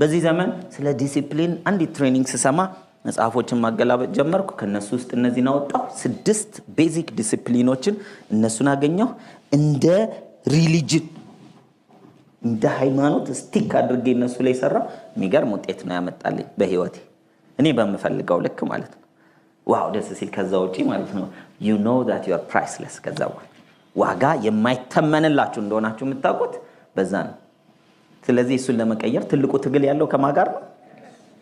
በዚህ ዘመን ስለ ዲሲፕሊን አንድ ትሬኒንግ ስሰማ መጽሐፎችን ማገላበጥ ጀመርኩ። ከእነሱ ውስጥ እነዚህን አወጣሁ። ስድስት ቤዚክ ዲሲፕሊኖችን እነሱን አገኘሁ። እንደ ሪሊጅን እንደ ሃይማኖት ስቲክ አድርጌ እነሱ ላይ ሰራ። የሚገርም ውጤት ነው ያመጣልኝ በህይወቴ እኔ በምፈልገው ልክ ማለት ነው። ዋው ደስ ሲል። ከዛ ውጪ ማለት ነው ዩ ኖ ዛት ዩ አር ፕራይስለስ። ከዛ ዋጋ የማይተመንላችሁ እንደሆናችሁ የምታውቁት በዛ ነው። ስለዚህ እሱን ለመቀየር ትልቁ ትግል ያለው ከማ ጋር ነው?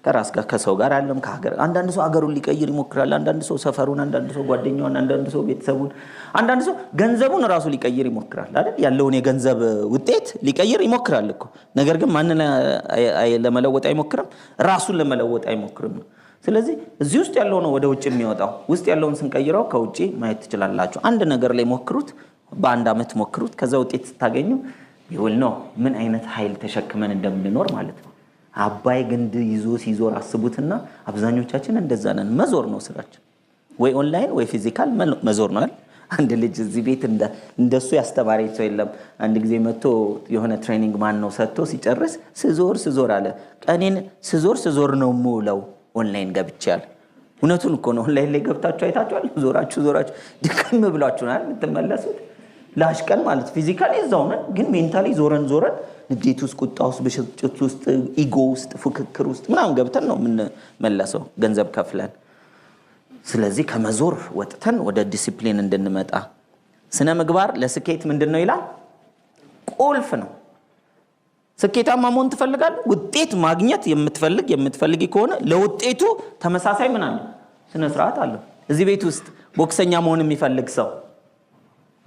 ከራስ ጋር ከሰው ጋር አለም ከሀገር። አንዳንድ ሰው አገሩን ሊቀይር ይሞክራል። አንዳንድ ሰው ሰፈሩን፣ አንዳንድ ሰው ጓደኛውን፣ አንዳንድ ሰው ቤተሰቡን፣ አንዳንድ ሰው ገንዘቡን ራሱ ሊቀይር ይሞክራል አይደል? ያለውን የገንዘብ ውጤት ሊቀይር ይሞክራል እኮ። ነገር ግን ማንን ለመለወጥ አይሞክርም? ራሱን ለመለወጥ አይሞክርም ነው። ስለዚህ እዚህ ውስጥ ያለው ነው ወደ ውጭ የሚወጣው። ውስጥ ያለውን ስንቀይረው ከውጭ ማየት ትችላላችሁ። አንድ ነገር ላይ ሞክሩት፣ በአንድ አመት ሞክሩት። ከዛ ውጤት ስታገኙ ይውል ነው ምን አይነት ኃይል ተሸክመን እንደምንኖር ማለት ነው። አባይ ግንድ ይዞ ሲዞር አስቡትና አብዛኞቻችን እንደዛ ነን። መዞር ነው ስራችን፣ ወይ ኦንላይን ወይ ፊዚካል መዞር ነው። አንድ ልጅ እዚህ ቤት እንደሱ ያስተማረኝ ሰው የለም። አንድ ጊዜ መጥቶ የሆነ ትሬኒንግ ማን ነው ሰጥቶ ሲጨርስ ስዞር ስዞር አለ። ቀኔን ስዞር ስዞር ነው የምውለው ኦንላይን ገብቻል። እውነቱን እኮ ነው። ኦንላይን ላይ ገብታችሁ አይታችኋል። ዞራችሁ ዞራችሁ ድክም ብሏችሁናል የምትመለሱት ላሽ ቀን ማለት ፊዚካሊ እዛው ነን፣ ግን ሜንታሊ ዞረን ዞረን ንዴት ውስጥ፣ ቁጣ ውስጥ፣ ብስጭት ውስጥ፣ ኢጎ ውስጥ፣ ፉክክር ውስጥ ምናምን ገብተን ነው የምንመለሰው ገንዘብ ከፍለን። ስለዚህ ከመዞር ወጥተን ወደ ዲሲፕሊን እንድንመጣ ስነ ምግባር ለስኬት ምንድን ነው ይላል? ቁልፍ ነው። ስኬታማ መሆን ትፈልጋል ውጤት ማግኘት የምትፈልግ የምትፈልግ ከሆነ ለውጤቱ ተመሳሳይ ምን አለ? ስነ ስርዓት አለው። እዚህ ቤት ውስጥ ቦክሰኛ መሆን የሚፈልግ ሰው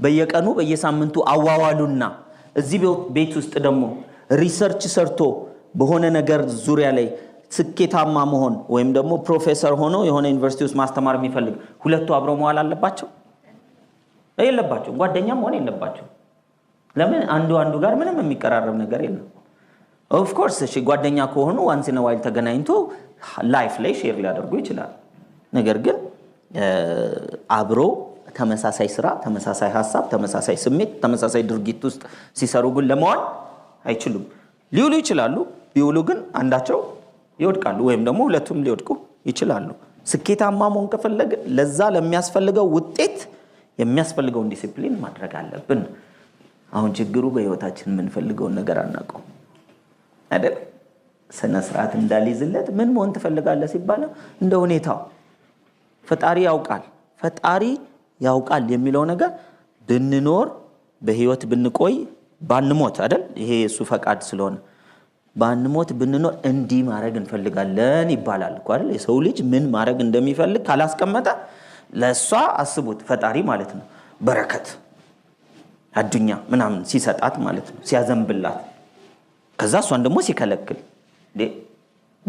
በየቀኑ በየሳምንቱ አዋዋሉና እዚህ ቤት ውስጥ ደግሞ ሪሰርች ሰርቶ በሆነ ነገር ዙሪያ ላይ ስኬታማ መሆን ወይም ደግሞ ፕሮፌሰር ሆኖ የሆነ ዩኒቨርሲቲ ውስጥ ማስተማር የሚፈልግ ሁለቱ አብረው መዋል አለባቸው የለባቸው። ጓደኛ መሆን የለባቸው። ለምን አንዱ አንዱ ጋር ምንም የሚቀራረብ ነገር የለም። ኦፍኮርስ እሺ፣ ጓደኛ ከሆኑ ዋንስ ዋይል ተገናኝቶ ላይፍ ላይ ሼር ሊያደርጉ ይችላል። ነገር ግን አብሮ ተመሳሳይ ስራ፣ ተመሳሳይ ሀሳብ፣ ተመሳሳይ ስሜት፣ ተመሳሳይ ድርጊት ውስጥ ሲሰሩ ግን ለመዋል አይችሉም። ሊውሉ ይችላሉ። ቢውሉ ግን አንዳቸው ይወድቃሉ፣ ወይም ደግሞ ሁለቱም ሊወድቁ ይችላሉ። ስኬታማ መሆን ከፈለግን ለዛ ለሚያስፈልገው ውጤት የሚያስፈልገውን ዲሲፕሊን ማድረግ አለብን። አሁን ችግሩ በህይወታችን የምንፈልገውን ነገር አናውቀው? አይደል? ስነ ስርዓት እንዳልይዝለት ምን መሆን ትፈልጋለህ ሲባለ እንደ ሁኔታው ፈጣሪ ያውቃል። ፈጣሪ ያውቃል የሚለው ነገር ብንኖር በህይወት ብንቆይ ባንሞት አይደል? ይሄ የእሱ ፈቃድ ስለሆነ ባንሞት ብንኖር እንዲህ ማድረግ እንፈልጋለን ይባላል እኮ አይደል? የሰው ልጅ ምን ማድረግ እንደሚፈልግ ካላስቀመጠ ለእሷ አስቡት፣ ፈጣሪ ማለት ነው በረከት አዱኛ ምናምን ሲሰጣት ማለት ነው ሲያዘንብላት፣ ከዛ እሷን ደግሞ ሲከለክል፣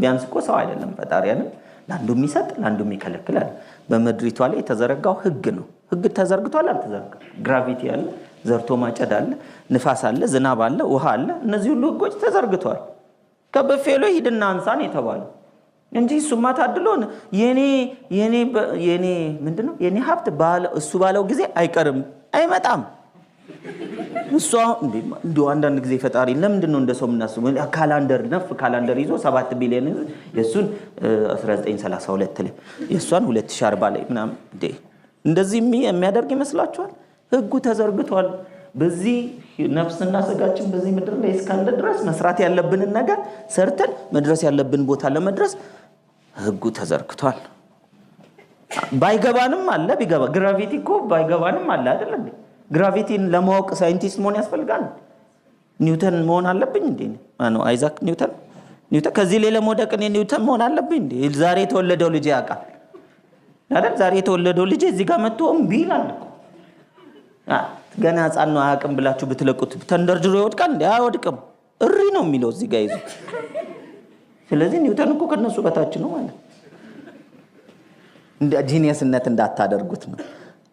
ቢያንስ እኮ ሰው አይደለም ፈጣሪያንም ለአንዱ የሚሰጥ ለአንዱ የሚከለክል አለ። በምድሪቷ ላይ የተዘረጋው ህግ ነው። ህግ ተዘርግቷል አልተዘርጋ። ግራቪቲ አለ፣ ዘርቶ ማጨድ አለ፣ ንፋስ አለ፣ ዝናብ አለ፣ ውሃ አለ። እነዚህ ሁሉ ህጎች ተዘርግቷል። ከበፌሎ ሂድና አንሳን የተባሉ እንጂ እሱማ ታድሎን የኔ ምንድን ነው የኔ ሀብት እሱ ባለው ጊዜ አይቀርም አይመጣም። እሷ እንዲ አንዳንድ ጊዜ ፈጣሪ ለምንድን ነው እንደ ሰው የምናስቡ? ካላንደር ነፍ ካላንደር ይዞ ሰባት ቢሊዮን የእሱን 1932 ላይ የእሷን 2040 ላይ ምናምን እንደዚህ የሚያደርግ ይመስላችኋል? ህጉ ተዘርግቷል። በዚህ ነፍስና ስጋችን በዚህ ምድር ላይ እስካለ ድረስ መስራት ያለብንን ነገር ሰርተን መድረስ ያለብን ቦታ ለመድረስ ህጉ ተዘርግቷል። ባይገባንም አለ ቢገባ ግራቪቲ እኮ ባይገባንም አለ አይደለም ግራቪቲን ለማወቅ ሳይንቲስት መሆን ያስፈልጋል? ኒውተን መሆን አለብኝ እንዴ? አይዛክ ኒውተን ኒውተን ከዚህ ሌለ መውደቅ እኔ ኒውተን መሆን አለብኝ እንዴ? ዛሬ የተወለደው ልጅ ያውቃል አይደል? ዛሬ የተወለደው ልጅ እዚህ ጋር መጥቶ እምቢ ይላል ገና ህፃን ነው አያውቅም ብላችሁ ብትለቁት ተንደርድሮ ይወድቃል እንዴ? አይወድቅም። እሪ ነው የሚለው እዚህ ጋር ይዞ። ስለዚህ ኒውተን እኮ ከነሱ በታች ነው ማለት። ጂኒየስነት እንዳታደርጉት ነው።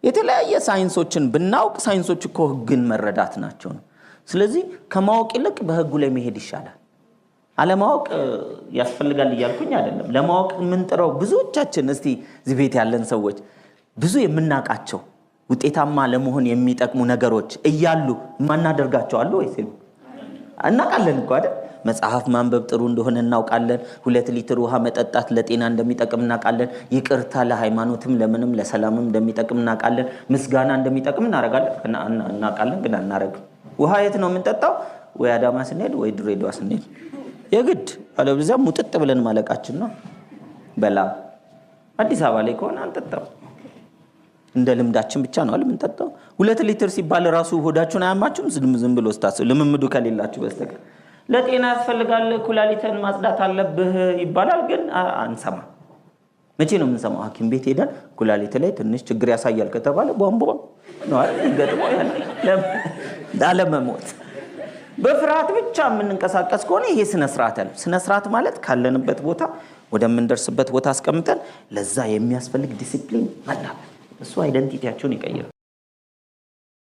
የተለያየ ሳይንሶችን ብናውቅ ሳይንሶች እኮ ህግን መረዳት ናቸው ነው። ስለዚህ ከማወቅ ይልቅ በህጉ ላይ መሄድ ይሻላል። አለማወቅ ያስፈልጋል እያልኩኝ አይደለም። ለማወቅ የምንጥረው ብዙዎቻችን፣ እስቲ እዚህ ቤት ያለን ሰዎች ብዙ የምናቃቸው ውጤታማ ለመሆን የሚጠቅሙ ነገሮች እያሉ የማናደርጋቸው አሉ ወይስ እናውቃለን እኮ አይደል? መጽሐፍ ማንበብ ጥሩ እንደሆነ እናውቃለን። ሁለት ሊትር ውሃ መጠጣት ለጤና እንደሚጠቅም እናውቃለን። ይቅርታ ለሃይማኖትም፣ ለምንም፣ ለሰላምም እንደሚጠቅም እናውቃለን። ምስጋና እንደሚጠቅም እናረጋለን እናውቃለን፣ ግን አናረግም። ውሃ የት ነው የምንጠጣው? ወይ አዳማ ስንሄድ ወይ ድሬዳዋ ስንሄድ የግድ አለብዚያ ሙጥጥ ብለን ማለቃችን ነው። በላ አዲስ አበባ ላይ ከሆነ አንጠጣም። እንደ ልምዳችን ብቻ ነው የምንጠጣው። ሁለት ሊትር ሲባል ራሱ ሆዳችሁን አያማችሁም? ዝም ዝም ብሎ ስታስብ ልምምዱ ከሌላችሁ በስተቀር ለጤና ያስፈልጋል፣ ኩላሊትን ማጽዳት አለብህ ይባላል፣ ግን አንሰማ። መቼ ነው የምንሰማው? ሐኪም ቤት ሄደን ኩላሊት ላይ ትንሽ ችግር ያሳያል ከተባለ ቧንቧ ገጥሞ በፍርሃት ብቻ የምንንቀሳቀስ ከሆነ ይሄ ስነ ስርዓት ነው። ስነ ስርዓት ማለት ካለንበት ቦታ ወደምንደርስበት ቦታ አስቀምጠን ለዛ የሚያስፈልግ ዲሲፕሊን አላለን። sesuai dan tidak cunik ayah.